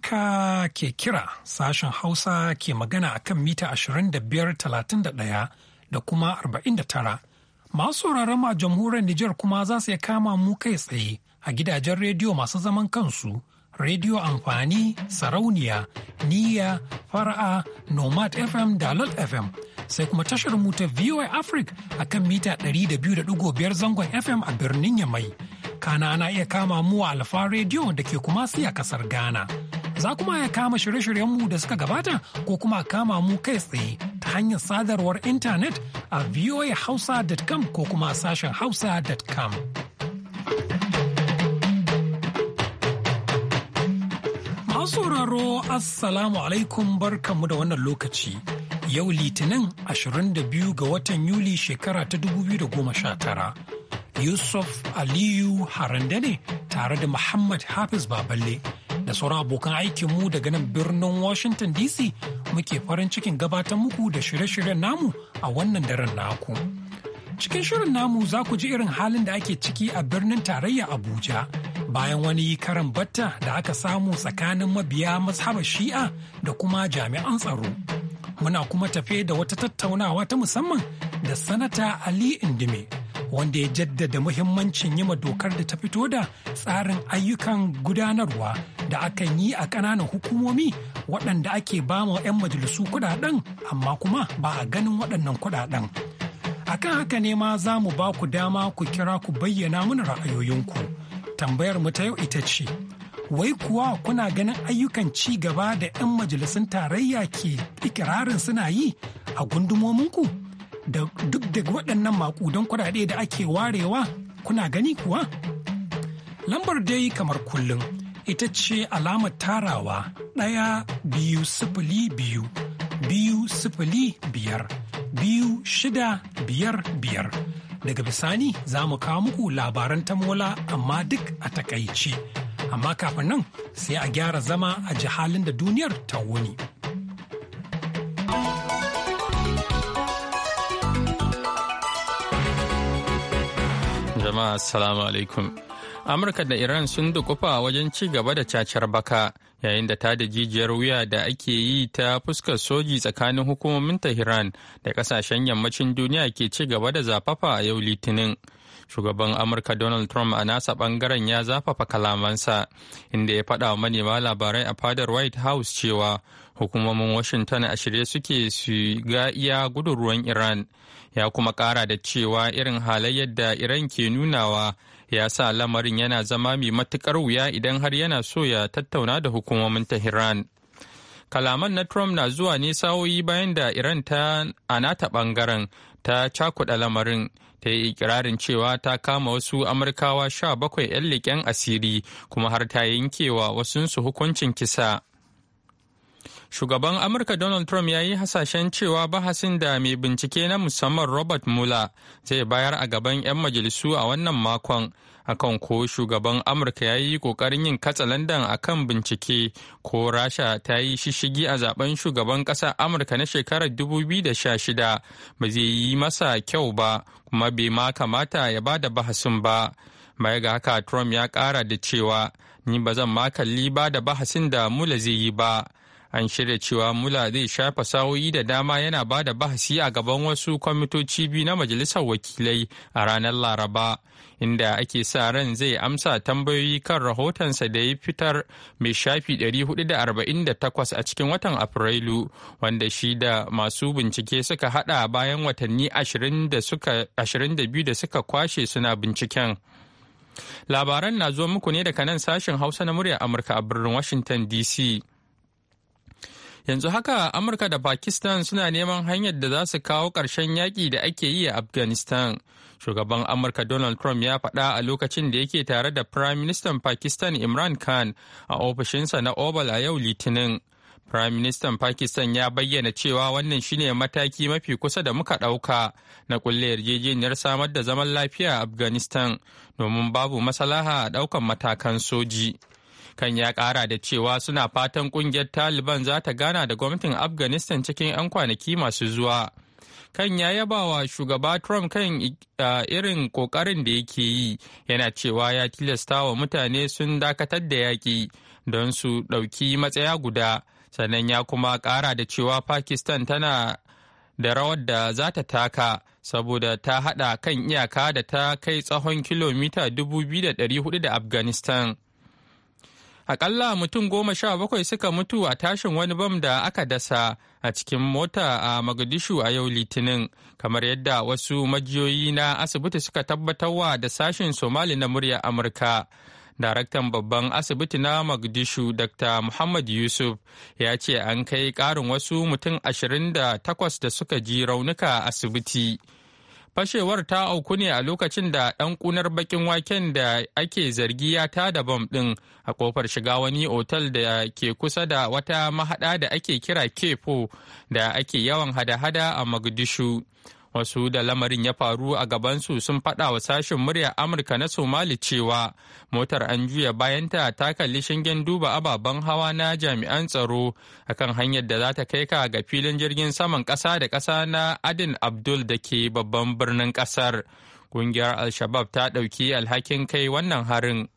Amurka ke kira sashen Hausa ke magana a kan mita 25,31 da kuma 49. Masu sauraron a jamhuriyar Nijar kuma za su iya kama mu kai tsaye a gidajen rediyo masu zaman kansu, rediyo amfani, sarauniya, niyya, fara'a, nomad FM da lol FM. Sai kuma tashar mu ta VOA Africa a kan mita 200.5 zangon FM a birnin Yamai. kana ana iya kama mu a alfa rediyo da ke kuma siya kasar ghana za kuma ya kama shirye-shiryenmu da suka gabata ko kuma kama mu kai tsaye ta hanyar sadarwar intanet a voahausa.com ko kuma sashen hausa.com. Masu sauraro Assalamu alaikum barkanmu da wannan lokaci. Yau Litinin 22 ga watan Yuli shekara ta 2019. Yusuf Aliyu Harande ne tare da Muhammad Hafiz Baballe da sauran abokan aikinmu daga nan birnin Washington DC muke farin cikin gabatar muku da shirye-shiryen namu a wannan daren naku. Cikin shirin namu za ku ji irin halin da ake ciki a birnin tarayya Abuja bayan wani karan batta da aka samu tsakanin mabiya mazhabar shi'a da kuma jami'an tsaro. muna kuma tafe da wata tattaunawa ta musamman da sanata Ali Indime wanda ya jaddada muhimmancin yima dokar da ta fito da tsarin ayyukan gudanarwa da akan yi a ƙananan hukumomi waɗanda ake ba 'yan majalisu kuɗaɗen amma kuma ba a ganin waɗannan kuɗaɗen. Akan haka ne ma za mu ba ku dama ku kira ku bayyana mana ra'ayoyinku. Tambayar mu ta yau ita ce, wai kuwa kuna ganin ayyukan ci gaba da 'yan majalisun tarayya ke ikirarin suna yi a gundumominku? da duk da waɗannan makudan kuɗaɗe da ake warewa kuna gani kuwa? Lambar dai kamar kullum ita ce alamar tarawa ɗaya biyu sifili biyu biyu sifili biyar biyu shida biyar biyar. Daga bisani za mu kawo muku labaran tamola amma duk a takaice. Amma kafin nan sai a gyara zama a ji halin da duniyar ta wuni. jama'a assalamu alaikum amurka da iran sun dukufa wajen ci gaba da cacar baka yayin da ta da jijiyar wuya da ake yi ta fuskar soji tsakanin hukumomin tehran da kasashen yammacin duniya ke ci gaba da zafafa yau litinin shugaban amurka donald trump a nasa bangaren ya zafafa kalamansa inda ya faɗa manema labarai a fadar white house cewa hukumomin washington a shirye suke su ga iya gudun ruwan iran ya kuma kara da cewa irin halayyar da iran ke nunawa ya sa lamarin yana zama mai matukar wuya idan har yana so ya tattauna da hukumomin tehran kalaman na Trump na zuwa ne sa'o'i bayan da Iran ta a nata ɓangaren ta cakuɗa lamarin ta yi ikirarin cewa ta kama wasu amurkawa sha bakwai 'yan leƙen asiri kuma har ta yankewa wasunsu hukuncin kisa shugaban amurka donald trump ya yi hasashen cewa bahasin da mai bincike na musamman robert mueller zai bayar a gaban 'yan majalisu a wannan makon akan ko shugaban amurka ya yi kokarin yin katsalandan a kan bincike ko rasha ta yi shishigi a zaben shugaban ƙasar amurka na shekarar 2016 ba zai yi masa kyau ba kuma bai ma kamata ya ba da bahasin ba baya ga haka trump ya ƙara da cewa ni ba zan ma kalli ba da bahasin da mula zai yi ba an shirya cewa mula zai shafa sa'o'i da dama yana ba da bahasi a gaban wasu kwamitoci biyu na majalisar wakilai a ranar laraba inda ake sa ran zai amsa tambayoyi kan rahotonsa da ya fitar mai shafi 448 a cikin watan afrilu wanda shi da masu bincike suka hada bayan watanni 22 da suka kwashe suna binciken. Labaran na zo muku ne daga nan sashen Hausa na murya Amurka a birnin Washington DC. Yanzu haka Amurka da Pakistan suna neman hanyar da za su kawo ƙarshen yaƙi da ake yi a Afghanistan. Shugaban Amurka Donald Trump ya faɗa a lokacin da yake tare da Prime Minister Pakistan Imran Khan a ofishinsa na Oval a yau Litinin. Prime Minister Pakistan ya bayyana cewa wannan shine mataki mafi kusa da muka ɗauka na ƙulle yarjejeniyar samar da zaman lafiya a Afghanistan domin babu masalaha a ɗaukan matakan soji. kan ya kara da cewa suna fatan kungiyar taliban za ta gana da gwamnatin afghanistan cikin 'yan kwanaki masu zuwa kan ya yaba wa shugaba trump kan irin kokarin da yake yi yana cewa ya tilasta wa mutane sun dakatar da yaƙi don su ɗauki matsaya guda sannan ya kuma kara da cewa pakistan tana da rawar da za ta taka saboda ta haɗa kan iyaka da ta kai tsahon kilomita 2,400 da afghanistan Akalla mutum goma sha bakwai suka mutu a tashin wani bam da aka dasa a cikin mota a Mogadishu a yau Litinin, kamar yadda wasu majiyoyi na asibiti suka tabbatarwa da sashen Somali na murya Amurka. Daraktan babban asibiti na Mogadishu Dr. Muhammad Yusuf ya ce an kai ƙarin wasu mutum ashirin da takwas da suka ji raunuka asibiti. Fashewar ta auku ne a lokacin da ɗan ƙunar bakin waken da ake zargi ya da bom ɗin a kofar shiga wani otal da ke kusa da wata mahaɗa da ake kira Kefo da ake yawan hada-hada a Mogadishu. wasu da lamarin ya faru a gabansu sun faɗa wa sashen murya amurka na somali cewa motar an juya bayanta ta kalli shingen duba ababen hawa na jami'an tsaro akan hanyar da za ta kai ka ga filin jirgin saman ƙasa da ƙasa na adin abdul da ke babban birnin ƙasar ƙungiyar al-shabab ta ɗauki alhakin kai wannan harin.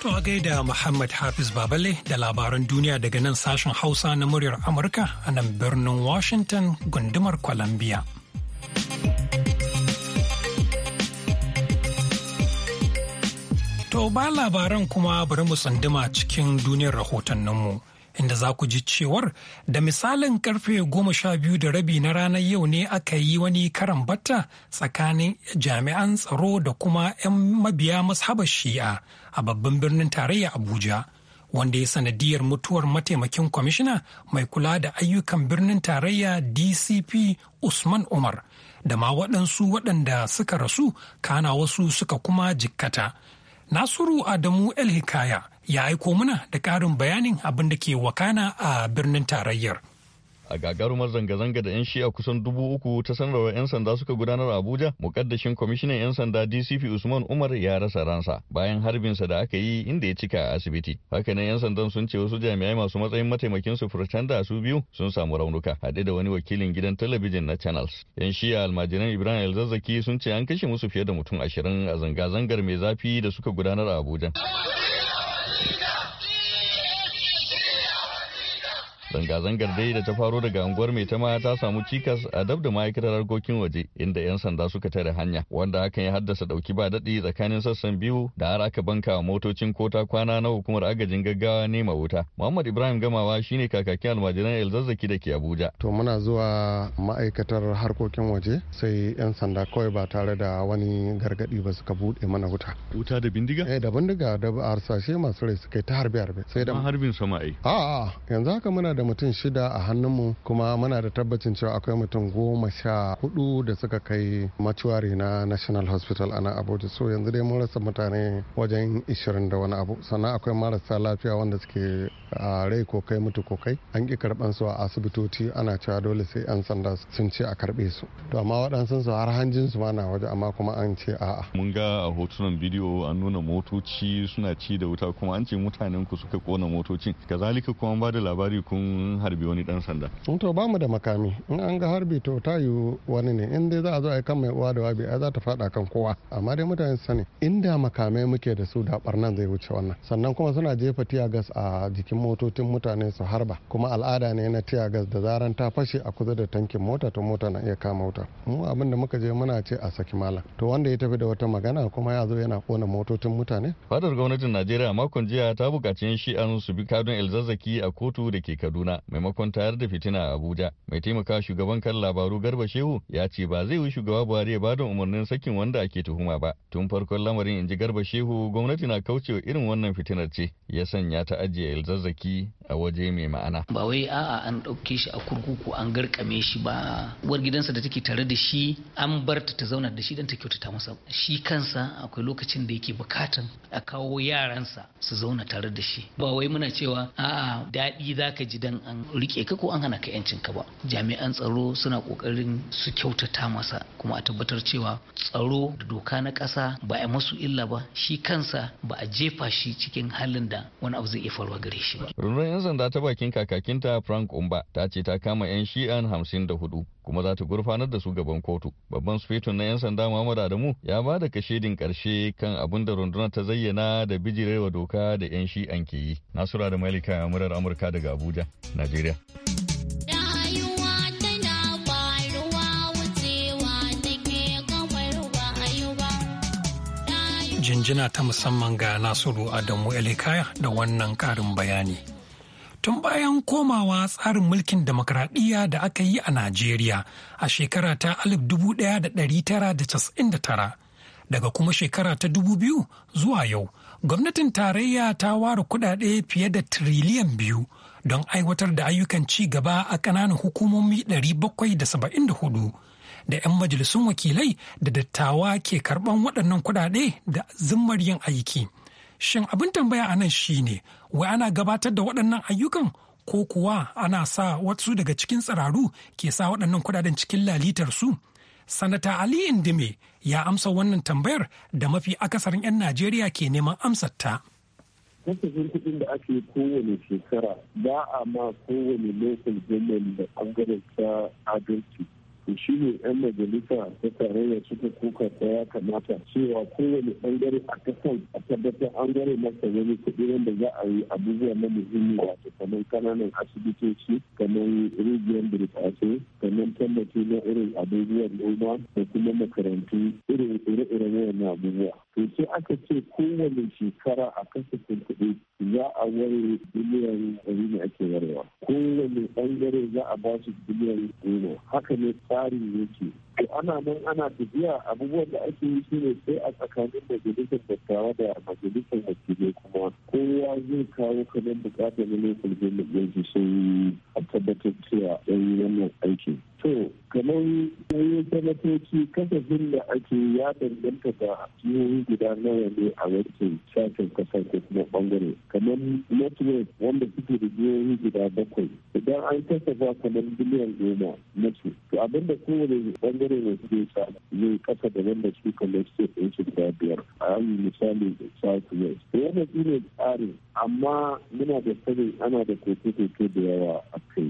To a gaida Muhammad Hafiz Babale da labaran duniya daga nan sashen Hausa na muryar Amurka a nan birnin Washington gundumar Columbia. To ba labaran kuma bari mu tsunduma cikin duniyar rahotanninmu. Inda za ku ji cewar da misalin karfe goma sha biyu da rabi na ranar yau ne aka yi wani karan batta tsakanin jami'an tsaro da kuma 'yan mabiya mashabar shi'a. a babban birnin tarayya Abuja, wanda ya sanadiyar mutuwar mataimakin kwamishina mai kula da ayyukan birnin tarayya DCP Usman Umar, da ma waɗansu waɗanda suka rasu kana wasu suka kuma jikkata. Nasiru Adamu El Hikaya ya aiko muna da ƙarin bayanin abin da ke wakana a birnin tarayyar. a gagarumar zanga-zanga da 'yan shi'a kusan dubu uku ta sanarwar 'yan sanda suka gudanar abuja mukaddashin kwamishinan 'yan sanda dcp usman umar ya rasa ransa bayan harbinsa da aka yi inda ya cika a asibiti hakanan 'yan sandan sun ce wasu jami'ai masu matsayin mataimakin su furtanda su biyu sun samu raunuka haɗe da wani wakilin gidan talabijin na channels 'yan shi'a almajiran ibrahim elzazzaki sun ce an kashe musu fiye da mutum ashirin a zanga-zangar mai zafi da suka gudanar a abuja Zanga-zangar dai da ta faro daga unguwar mai tama ta samu cikas a dab da ma'aikatar harkokin waje inda 'yan sanda suka tare hanya wanda hakan ya haddasa dauki ba daɗi tsakanin sassan biyu da har aka banka wa motocin kota kwana na hukumar agajin gaggawa ne ma wuta. Muhammad Ibrahim Gamawa shine kakakin almajiran Elzazzaki da ke Abuja. To muna zuwa ma'aikatar harkokin waje sai 'yan sanda kawai ba tare da wani gargaɗi ba suka buɗe mana wuta. Wuta da bindiga? Eh da bindiga da harsashe masu rai suka ta harbe-harbe. Sai da harbin sama A'a yanzu haka muna da mutum shida a hannunmu kuma muna da tabbacin cewa akwai mutum goma sha hudu da suka kai macuwari na national hospital ana abuja so yanzu dai mun rasa mutane wajen ishirin da wani abu sannan akwai marasa lafiya wanda suke a rai ko kai mutu ko kai an ki karban su a asibitoci ana cewa dole sai yan sanda sun ce a karbe su to amma waɗansu su har hanjin su ma na waje amma kuma an ce a'a mun ga a hotunan bidiyo an nuna motoci suna ci da wuta kuma an ce mutanen ku suka kona motocin kazalika kuma ba da labari kun harbi wani dan sanda to ba mu da makami in an ga harbi to ta yiwu wani ne in dai za a zo a yi kan mai uwa da wabi a za ta fada kan kowa amma dai mutane su sani inda makamai muke da su da barnan zai wuce wannan sannan kuma suna jefa tiya gas a jikin motocin mutane su harba kuma al'ada ne na tiya gas da zaran ta fashe a kusa da tankin mota to mota na iya kama wuta mu abin da muka je muna ce a saki mala to wanda ya tafi da wata magana kuma ya zo yana kona motocin mutane fadar gwamnatin najeriya makon jiya ta buƙaci shi'an su bi kadun elzazzaki a kotu da ke kaduna Kaduna maimakon tayar da fitina a Abuja. Mai taimaka shugaban kan labaru Garba Shehu ya ce ba zai yi shugaba Buhari ya ba bada umarnin sakin wanda ake tuhuma ba. Tun farkon lamarin in ji Garba Shehu gwamnati na kaucewa irin wannan fitinar ce ya sanya ta ajiye ilzazzaki a waje mai ma'ana. Ba wai a'a an ɗauke shi a kurkuku an garkame shi ba uwar gidansa da take tare da shi an bar ta ta zauna da shi dan ta kyautata masa shi kansa akwai lokacin da yake bukatan a kawo yaransa su zauna tare da shi ba wai muna cewa a'a daɗi zaka ji da. in an rike ka ko an hana ka yancin ka ba jami'an tsaro suna kokarin su kyautata masa kuma a tabbatar cewa tsaro da doka na ƙasa ba a masu illa ba shi kansa ba a jefa shi cikin halin da wani abu zai iya faruwa gare shi ba rundunar 'yan sanda ta bakin kakakinta frank umba ta ce ta kama 'yan shi'an hamsin da hudu kuma za ta gurfanar da su gaban kotu babban sufetun na 'yan sanda muhammad adamu ya ba da kashedin karshe kan abin da rundunar ta zayyana da bijirewa doka da 'yan shi'an ke yi nasura da malika murar amurka daga abuja najeriya jinjina ta musamman ga Nasiru Adamu Elikaya da wannan ƙarin bayani. tun bayan komawa tsarin mulkin demokradiyya da aka yi a Najeriya a shekara ta 1999 daga kuma shekara ta 2000 zuwa yau. Gwamnatin tarayya ta ware kudade fiye da tiriliyan biyu don aiwatar da ayyukan ci gaba a ƙananan hukumomi 774 da 'yan majalisun wakilai da dattawa ke karɓan waɗannan kudade da zimmar yin aiki. Shin abin tambaya a nan shi ne wai ana gabatar da waɗannan ayyukan ko kuwa ana sa wasu daga cikin tsiraru ke sa waɗannan kudaden cikin lalitar su? Sanata Ali Indime ya amsa wannan tambayar da mafi akasarin 'yan Najeriya ke neman amsar ta. kasafin kuɗin da ake kowane shekara ba a ma kowane local government da ɓangaren ta adalci to shi ne 'yan majalisa ta tarayya suka kuka ta ya kamata cewa kowane bangare a kasan a tabbatar an gare masa wani kuɗi wanda za a yi abubuwa na muhimmi wato kamar kananan asibitoci kamar rijiyar birtsace kamar tabbaci na irin abubuwan noma da kuma makarantu irin ire-iren wayan abubuwa to sai aka ce kowane shekara a kasafin kuɗi za a ware biliyan ɗari ne ake warewa kowane bangare za a ba su biliyan goma haka ne tsarin yake to ana nan ana tafiya abubuwan da ake yi shi ne sai a tsakanin majalisar dattawa da majalisar wakilai kuma kowa zai kawo kamar bukatar na local government yanzu sai a tabbatar cewa an yi wannan aikin to kamar yayin sanatoci kasafin da ake ya danganta da jihohi guda nawa ne a wancan shafin kasar ko kuma bangare kamar network wanda suke da jihohi guda bakwai idan an kasafa kamar biliyan goma na to abinda kowane bangare ne su zai samu zai kasa da wanda su kalli state ɗin su guda biyar a yi misali south west su ne tsarin amma muna da sani ana da koke-koke da yawa a kai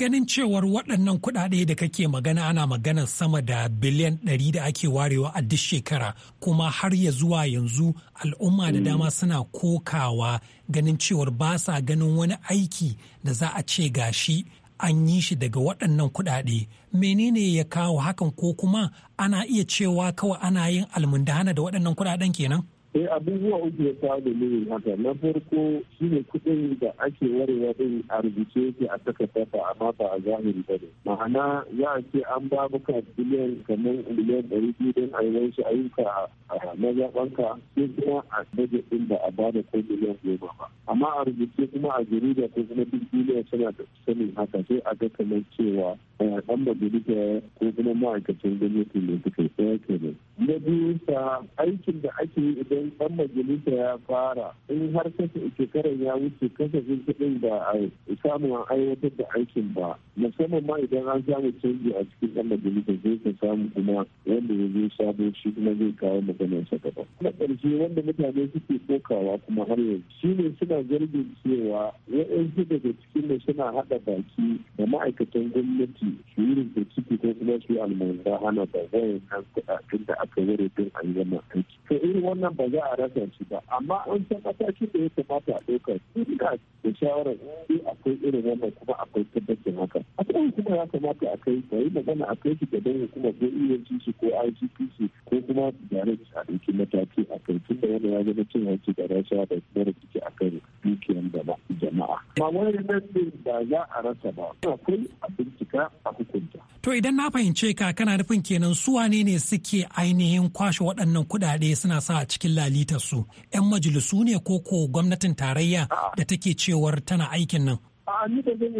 ganin cewar waɗannan kuɗaɗe da kake magana ana maganar sama da biliyan ɗari da ake warewa a duk shekara kuma har ya zuwa yanzu al'umma da dama mm. suna kokawa ganin cewar ba sa ganin wani aiki da za a ce gashi an yi shi daga waɗannan kuɗaɗe menene ya kawo hakan ko kuma ana iya cewa kawai ana yin almundana da waɗannan kuɗaɗen kenan sai eh, abubuwa uku ya kawo dalilin haka na farko shi ne kuɗin da ake warewa ɗin a rubuce yake a takardata amma ba a zahiri ba ne ma'ana za ce an ba muka biliyan kamar biliyan ɗari biyu don a yi wasu ayyuka a mazaɓanka sai kuma a daga ɗin da a ba da ko biliyan goma ba amma a rubuce kuma a jarida ko kuma duk duniya suna da sanin haka sai a ga kamar cewa eh, ɗan majalisa ko kuma ma'aikacin gwamnati ne suka yi ke ne na biyu sa aikin da ake yi idan kasafin dan majalisa ya fara in har kasa shekarar ya wuce kasafin kuɗin da a samu an aiwatar da aikin ba musamman ma idan an samu canji a cikin dan majalisa zai ka samu kuma wanda ya zo sabo shi kuma zai kawo maganar sa gaba na ƙarshe wanda mutane suke kokawa kuma har yanzu shi ne suna zargin cewa waɗansu daga cikin da suna haɗa baki da ma'aikatan gwamnati su yi ciki ko kuma su yi almanza hana ba wayan nan kuɗaɗen da aka yi don a yi aiki to irin wannan ba za a rasa shi ba amma an san matakin da ya kamata a ɗauka duka da shawarar in akwai irin wannan kuma akwai tabbacin haka a kuma hukuma ya kamata a kai bai magana a kai shi da dan hukuma ko EFCC ko IGPC ko kuma direct a ɗauki mataki a kai tun da wani ya zama cin hanci da rasha da kuma rikici a kan ba jama'a. Ba wani nan ba za a rasa ba akwai a bincika a hukunta. To idan na fahimce ka kana nufin kenan su wane ne suke ainihin kwashe waɗannan kuɗaɗe suna sa a cikin lalitar su 'yan majalisu ne ko ko gwamnatin tarayya da take cewar tana aikin nan. A ni da zan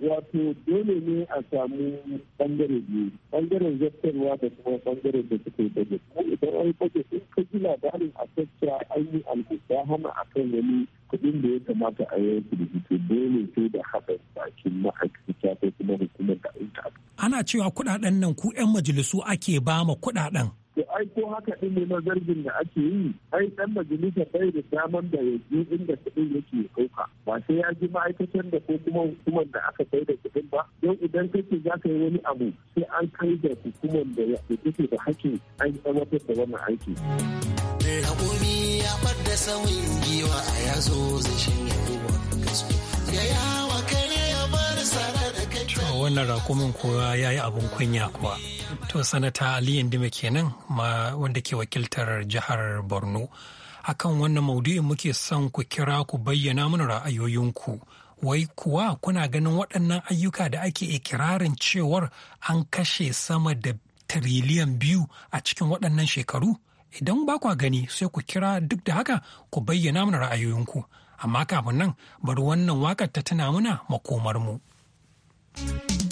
wato dole ne a samu bangare biyu bangaren zartarwa da kuma bangaren da suke budget. Idan an budget in ka ji labarin a an yi alkuta hana akan wani Kudin da ya kamata a yanku da suke dole sai da haɗa bakin ma'aikata ko kuma hukumar da aita ana cewa kuɗaɗen nan ku 'yan majalisu ake ba ma kuɗaɗen to aiko haka ɗin ne na da ake yi ai dan majalisa bai da daman da ya je inda kuɗin yake ɗauka ba sai ya ji ma'aikatan da ko kuma hukumar da aka kai da kuɗin ba don idan kake za ka yi wani abu sai an kai da hukumar da ya take da hakkin an aiwatar da wannan aiki. Mai haƙuri ya ɓadda sauyin giwa a yazo zai shanye kowa gasko. Ya yawa kai ya bar sana da a wannan rakumin kuwa ya yi abin kunya kuwa to sanata ali indima kenan nan, wanda ke wakiltar jihar borno akan wannan maudu'in muke son ku kira ku bayyana mana ra'ayoyinku wai kuwa kuna ganin waɗannan ayyuka da ake ikirarin cewar an kashe sama da tiriliyan biyu a cikin waɗannan shekaru idan ba kwa gani sai ku kira duk da haka ku bayyana mana ra'ayoyinku amma kafin nan bari wannan wakar ta tuna muna makomarmu. mu Thank you.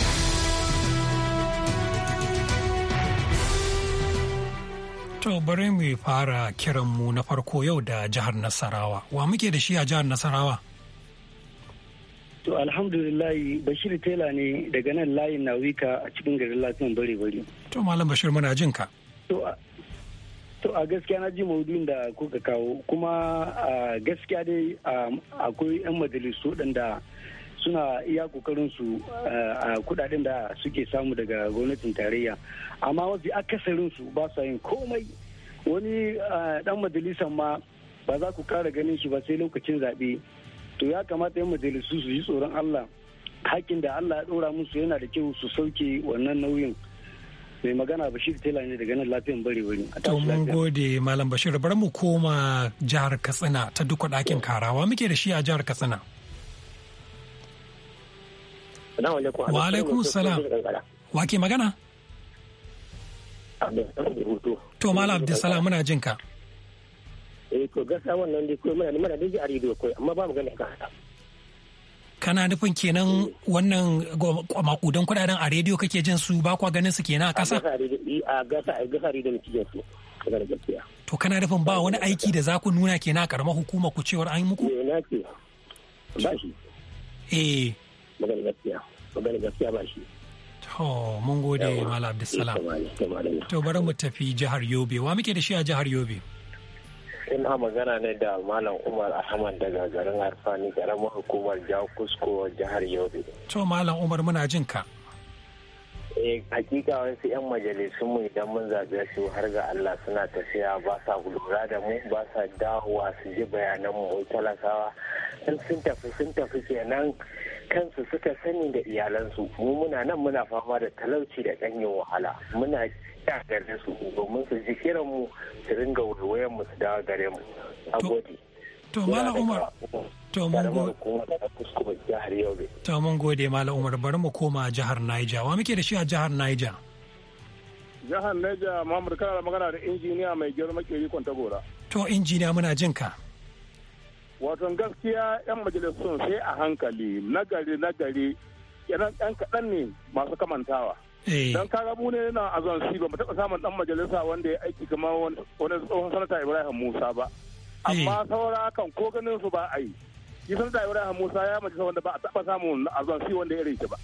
To bari mu fara kiranmu na farko yau da jihar Nasarawa. Wa muke da shi a jihar Nasarawa? To alhamdulillahi Bashir Tela ne daga nan layin Nawika a cikin garin lafiyan bare bare. To Malam Bashir muna jin ka. To a gaskiya na ji maudun da kuka kawo kuma a gaskiya dai akwai 'yan majalisu waɗanda suna iya kokarin su eh, a kudaden da suke samu daga gwamnatin tarayya amma wasu akasarin su ba su yin komai wani eh, dan majalisar ma ba za ku kara ganin shi ba sai lokacin zaɓe to ya kamata yan majalisu su yi tsoron allah hakkin da allah ya ɗora musu yana da kyau su sauke wannan nauyin mai magana bashir tela ne daga nan lafiyan bare wani to mun gode malam bashir bari mu koma jihar katsina ta duka dakin karawa muke da shi a jihar katsina Assalamu alaikum. Wa alaikum salam. Wa ke magana? To Mala Abdulsalam muna jin ka. Eh to gasa wannan dai kuma muna muna dai a rediyo kai amma ba mu gane ka. Kana nufin kenan eh. wannan makudan kudaden a rediyo kake jin su ba kwa ganin su kenan a kasa? Eh, a gasa a gasa rediyo muke jin su. To kana nufin ba wani aiki da za ku nuna kenan a karamar hukuma ku cewar an yi muku? Eh na ce. Ba shi. Eh. magana gaskiya magana gaskiya ba shi to mun gode mala abdulsalam to bari mu tafi jihar yobe wa muke da shi a jihar yobe ina magana ne da malam umar ahmad daga garin alfani karamar hukumar jakusko jihar yobe to malam umar muna jin ka eh hakika wasu 'yan majalisun mu idan mun zaɓe su har ga Allah suna tafiya ba sa lura da mu ba sa dawowa su ji bayanan mu talakawa sun tafi sun tafi kenan kansu suka sani da iyalansu mu muna nan muna fama da talauci da ɗanyen wahala muna sha gare su domin su ji kiran mu su ringa waiwayen mu su dawo gare mu a gode to mala umar to mun gode mala umar bari mu koma jihar naija wa muke da shi a jihar naija. jihar naija Muhammad kana magana da injiniya mai girma ke rikon ta gora to injiniya muna jin ka wato gaskiya 'yan majalisun sai a hankali nagari nagari yanan kaɗan ne masu kamantawa eh. don karabu ne na a zansi ba mu taɓa samun ɗan majalisa wanda ya aiki kamar wani tsohon sanata ibrahim musa ba amma eh. saura kan ko ganin su ba a yi shi sanata ibrahim musa ya majalisa wanda ba a taɓa samun a wanda ya rike ba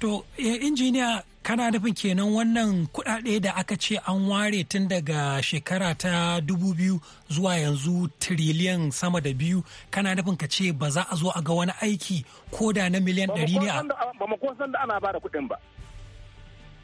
To, eh, injiniya kana nufin kenan wannan kudade da aka ce an ware tun daga shekara ta dubu biyu zuwa yanzu tiriliyan sama da biyu kana nufin ka ce ba za a zo a ga wani aiki ko da na miliyan ɗari ne a ba mu san da ana ba da kuɗin ba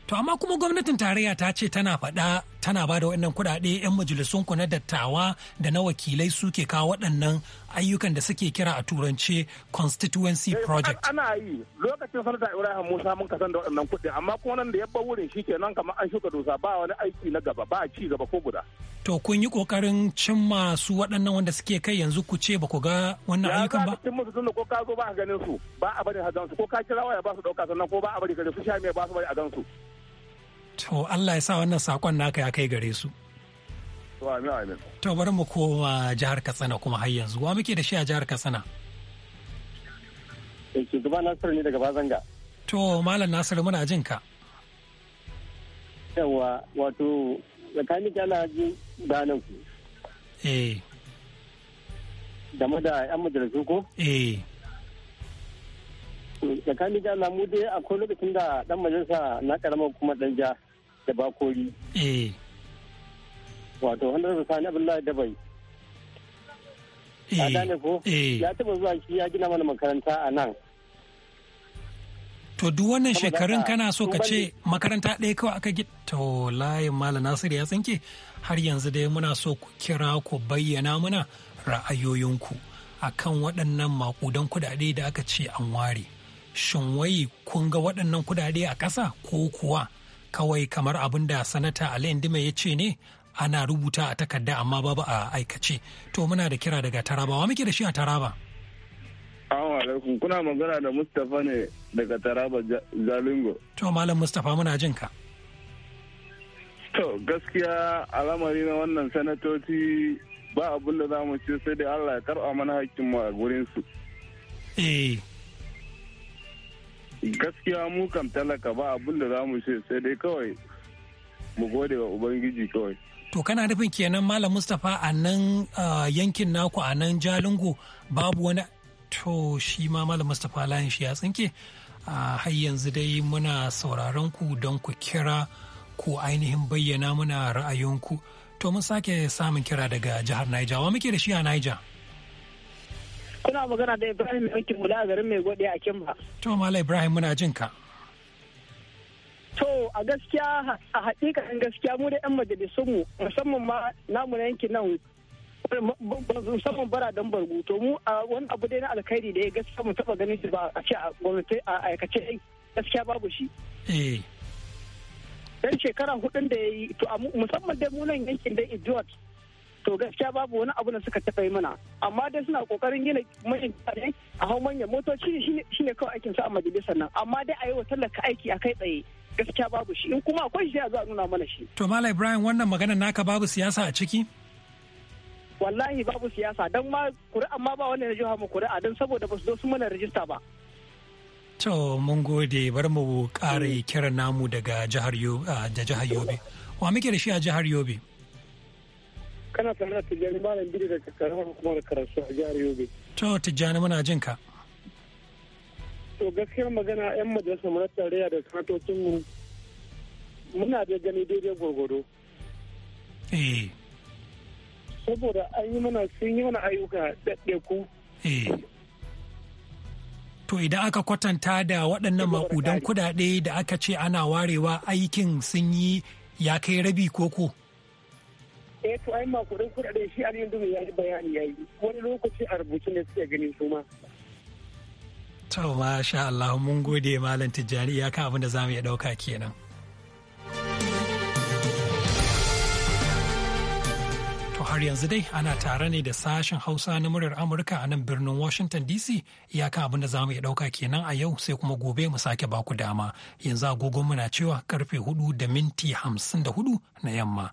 to amma kuma gwamnatin tarayya ta ce tana faɗa tana ba da waɗannan kuɗaɗe 'yan majalisun ku na dattawa da na wakilai suke kawo waɗannan ayyukan da suke kira a turance constituency eh, project. Ana yi lokacin sanata Ibrahim Musa mun kasan da waɗannan kuɗi amma kuma nan da yabba wurin shi kenan kamar an shuka dusa ba wani aiki na gaba ba ci gaba ko guda. To kun yi kokarin cimma su waɗannan wanda suke kai yanzu ku ce ba ku ga wannan ayyukan ba? Ya cimma musu tunda ko ka zo ba a ganin su ba a bari a gansu ko ka kira waya ba su ɗauka sannan ko ba a bari gare su sha mai ba su bari a gansu. To Allah ya sa wannan sakon naka ya kai gare su. To bari mu koma jihar Katsina kuma har yanzu. Wa muke da shi a jihar Katsina? Eh, shugaba Nasiru ne daga Bazanga. To Malam Nasiru muna jin ka. Yawa wato tsakanin kyala ji ganin ku. Eh. Game da 'yan majalisu ko? Eh. Tsakanin kyala mu dai akwai lokacin da dan majalisa na karamar kuma dan ja. da bakori eh. wato hannun sani abdullahi dabai eh. a gane ko eh. ya taba zuwa shi ya gina mana makaranta a nan to duk wannan shekarun kana so ka ce makaranta ɗaya kawai aka gina to layin mala nasiru ya tsinke har yanzu dai muna so ku kira ku bayyana muna ra'ayoyinku akan waɗannan maƙudan kuɗaɗe da aka ce an ware shin wai kun ga waɗannan kudade a ƙasa ko kuwa kawai kamar abin da sanata ali indima ya ce ne ana rubuta a takarda amma babu a aikace to muna da kira daga taraba wa muke da shi a taraba alaikum kuna magana da Mustapha ne daga Taraba Jalingo. To Malam Mustapha muna jin ka. To gaskiya alamari na wannan sanatoci ba abin da za mu ce sai dai Allah ya karɓa mana hakkin mu a gurin su. Eh. gaskiya mu kam talaka ba abin da za mu ce sai dai kawai mu gode wa ubangiji kawai to kana nufin kenan malam mustapha a nan yankin naku a nan jalingo babu wani to shi ma malam mustapha layin shi ya tsinke a har yanzu dai muna sauraron ku don ku kira ko ainihin bayyana muna ra'ayinku to mun sake samun kira daga jihar naija wa muke da shi a naija kuna magana da ibrahim yankin mula a garin mai gode a kimba to mala ibrahim muna jin ka to a gaskiya a hakikanin gaskiya mu da yan majalisun mu musamman ma namu na yankin nan musamman bara don bargu to mu a wani abu dai na alkhairi da ya gaskiya mu taba ganin shi ba a ce a gwamnati a aikace gaskiya babu shi eh. dan shekara hudun da ya yi to musamman dai mu nan yankin da idiot to gaskiya babu wani abu da suka taɓa yi mana amma dai suna kokarin gina manyan mutane a hau manyan motoci shine kawai aikin su a majalisar nan amma dai a yi wa tallaka aiki a kai tsaye gaskiya babu shi in kuma akwai shi a za a nuna mana shi. to malam ibrahim wannan magana naka babu siyasa a ciki. wallahi babu siyasa don ma kuri'a ma ba wani na jiha mu kuri'a don saboda ba su zo su mana rajista ba. to mun gode bar mu kare kiran namu daga jihar yobe wa muke da shi a jihar yobe. kana tare da tijjani malam biyu daga karamar hukumar karatu a jihar yobe to tijjani muna jin ka to gaskiyar magana yan majalisar mu na tarayya da sanatocin mu muna da gani daidai gwargwado eh saboda an yi mana sun yi mana ayyuka ɗaɗɗeku eh to idan aka kwatanta da waɗannan maƙudan kuɗaɗe da aka ce ana warewa aikin sun yi ya kai rabi koko. eh to ai makudan kuɗaɗe shi a yanzu ya yi bayani ya yi wani lokaci a rubuce ne suke ganin su ma. to masha Allah mun gode malam tijjani ya kan abin da zamu iya ɗauka kenan. har yanzu dai ana tare ne da sashen hausa na muryar amurka a nan birnin washington dc iyakan abin da mu iya dauka kenan a yau sai kuma gobe mu sake baku dama yanzu agogon muna cewa karfe hudu da minti hamsin da hudu na yamma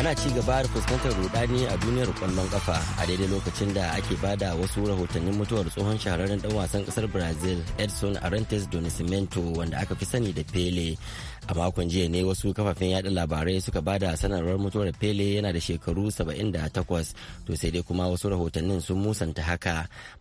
ana ci gaba da fuskantar rudani a duniyar kwallon kafa a daidai lokacin da ake bada wasu rahotannin mutuwar tsohon shahararren dan wasan kasar brazil edson arantes do nascimento wanda aka fi sani da pele a makon jiya ne wasu kafafen yada labarai suka bada sanarwar mutuwar pele yana da shekaru 78 to sai dai kuma wasu rahotannin sun musanta haka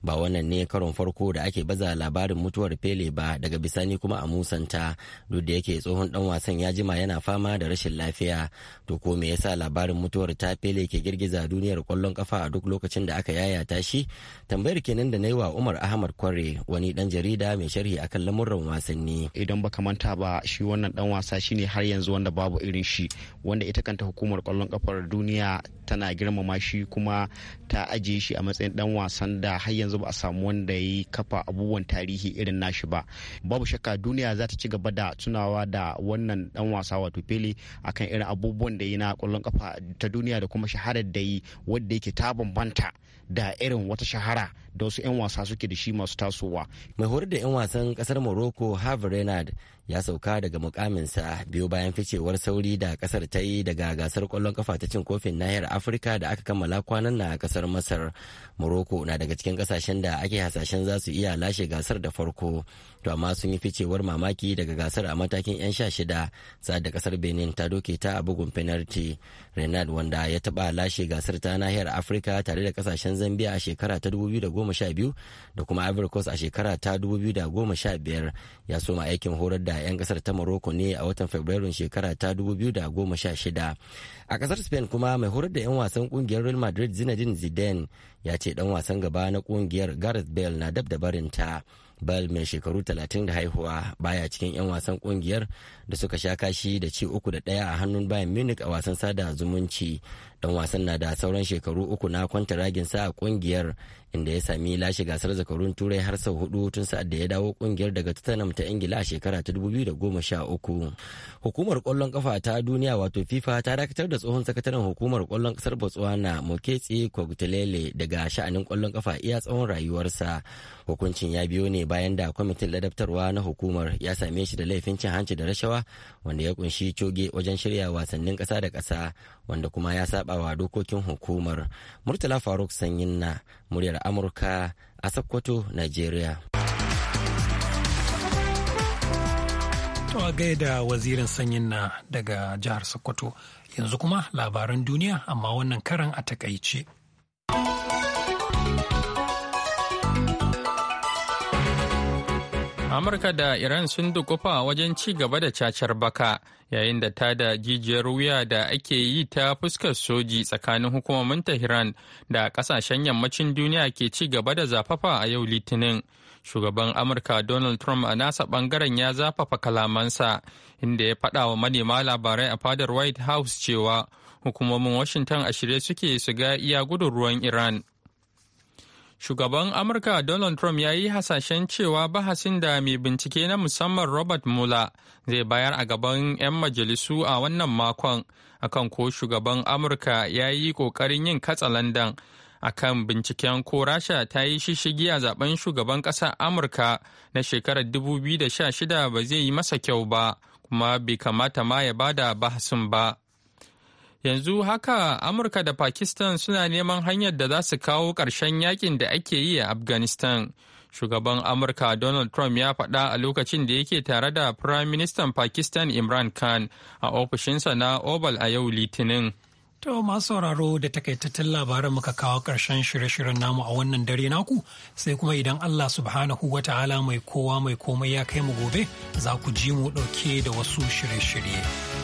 ba wannan ne karon farko da ake baza labarin mutuwar pele ba daga bisani kuma a musanta duk da yake tsohon dan wasan ya jima yana fama da rashin lafiya to ko me yasa labarin mutuwar ta fele ke girgiza duniyar kwallon kafa a duk lokacin da aka yayata shi tambayar kenan da na yi wa umar ahmad kware wani dan jarida mai sharhi akan lamurran wasanni idan baka manta ba shi wannan dan wasa shi ne har yanzu wanda babu irin shi wanda ita kanta hukumar kwallon kafar duniya tana girmama shi kuma ta ajiye shi a matsayin dan wasan da har yanzu ba a samu wanda ya kafa abubuwan tarihi irin nashi ba babu shakka duniya za ta ci gaba da tunawa da wannan dan wasa wato pele akan irin abubuwan da yi na kwallon kafa ta duniya da kuma shaharar da yi wadda yake ta bambanta da irin wata shahara da wasu 'yan wasa suke da shi masu tasowa. Mai horar da 'yan wasan kasar Morocco Harvey Renard ya sauka daga mukaminsa biyu bayan ficewar sauri da kasar ta yi daga gasar kwallon kafa ta cin kofin nahiyar Afirka da aka kammala kwanan na kasar Masar. Morocco na daga cikin kasashen da ake hasashen za su iya lashe gasar da farko. To amma sun yi ficewar mamaki daga gasar a matakin 'yan sha shida sa'ad da kasar Benin ta doke ta a bugun penalty. Renard wanda ya taba lashe gasar ta nahiyar Afirka tare da kasashen zambia a shekara ta 2012 da kuma ivory coast a shekara ta 2015 ya soma aikin horar da 'yan kasar ta morocco ne a watan fabrairun shekara ta 2016 a kasar spain kuma mai horar da 'yan wasan kungiyar real madrid zinedine zidane ya ce dan wasan gaba na kungiyar gareth bale na dab da barinta bal mai shekaru 30 da haihuwa baya cikin 'yan wasan kungiyar da suka sha kashi da ci uku da daya a hannun bayan munich a wasan sada zumunci dan wasan na da sauran shekaru uku na kwanta ragin sa a kungiyar inda ya sami lashe gasar zakarun turai har sau hudu tun sa'ad da ya dawo kungiyar daga tottenham ta ingila a shekara ta 2013 hukumar kwallon kafa ta duniya wato fifa ta dakatar da tsohon sakataren hukumar kwallon kasar botswana moketsi kogtelele daga sha'anin kwallon kafa iya tsawon rayuwarsa hukuncin ya biyo ne bayan da kwamitin ladabtarwa na hukumar ya same shi da laifin cin hanci da rashawa wanda ya kunshi coge wajen shirya wasannin kasa da kasa wanda kuma ya saba sabawa dokokin hukumar murtala faruk sanyin na muryar amurka a sokoto nigeria to a gaida wazirin sanyin na daga jihar sokoto yanzu kuma labaran duniya amma wannan karan a takaice. Amurka da Iran sun dukufa wajen ci gaba da cacar baka yayin da ta da jijiyar wuya da ake yi ta fuskar soji tsakanin hukumomin Tehran da kasashen yammacin duniya ke ci gaba da zafafa a yau Litinin. Shugaban Amurka Donald Trump a nasa bangaren ya zafafa kalamansa inda ya faɗa wa manema labarai a fadar White House cewa hukumomin Washington a shirye suke su ga iya gudun ruwan Iran. Shugaban Amurka Donald Trump ya yi hasashen cewa bahasin da mai bincike na musamman Robert Mueller zai bayar a gaban 'yan majalisu a wannan makon akan ko shugaban Amurka ya yi kokarin yin katsalandan akan binciken ko Rasha ta yi shishigi a zaben shugaban ƙasar Amurka na shekarar 2016 ba zai yi masa kyau ba kuma bai kamata ma ya bada bahasin ba. yanzu haka amurka da pakistan suna neman hanyar da za su kawo ƙarshen yakin da ake yi a afghanistan shugaban amurka donald trump ya faɗa a lokacin da yake tare da prime minister pakistan imran khan a ofishinsa na oval a yau litinin To masu sauraro da takaitattun labaran muka kawo ƙarshen shirye-shiryen namu a wannan dare naku sai kuma idan Allah subhanahu wa ta'ala mai kowa mai komai ya kai mu gobe za ku ji mu ɗauke da wasu shirye-shirye.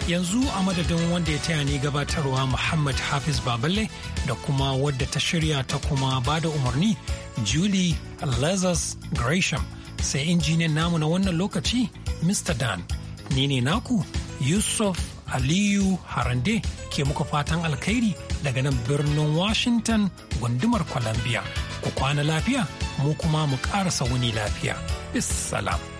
Yanzu a madadin wanda ya taya ni gabatarwa Muhammad Hafiz Baballe da kuma wadda ta shirya ta kuma ba da umarni Julie Lazarus Gresham sai injiniyan namu na wannan lokaci Mr. Dan. Ni ne naku Yusuf Aliyu Harande ke muku fatan alkhairi daga nan birnin Washington gundumar Columbia. Ku kwana lafiya, mu kuma mu ƙarasa wuni lafiya. Bis salam.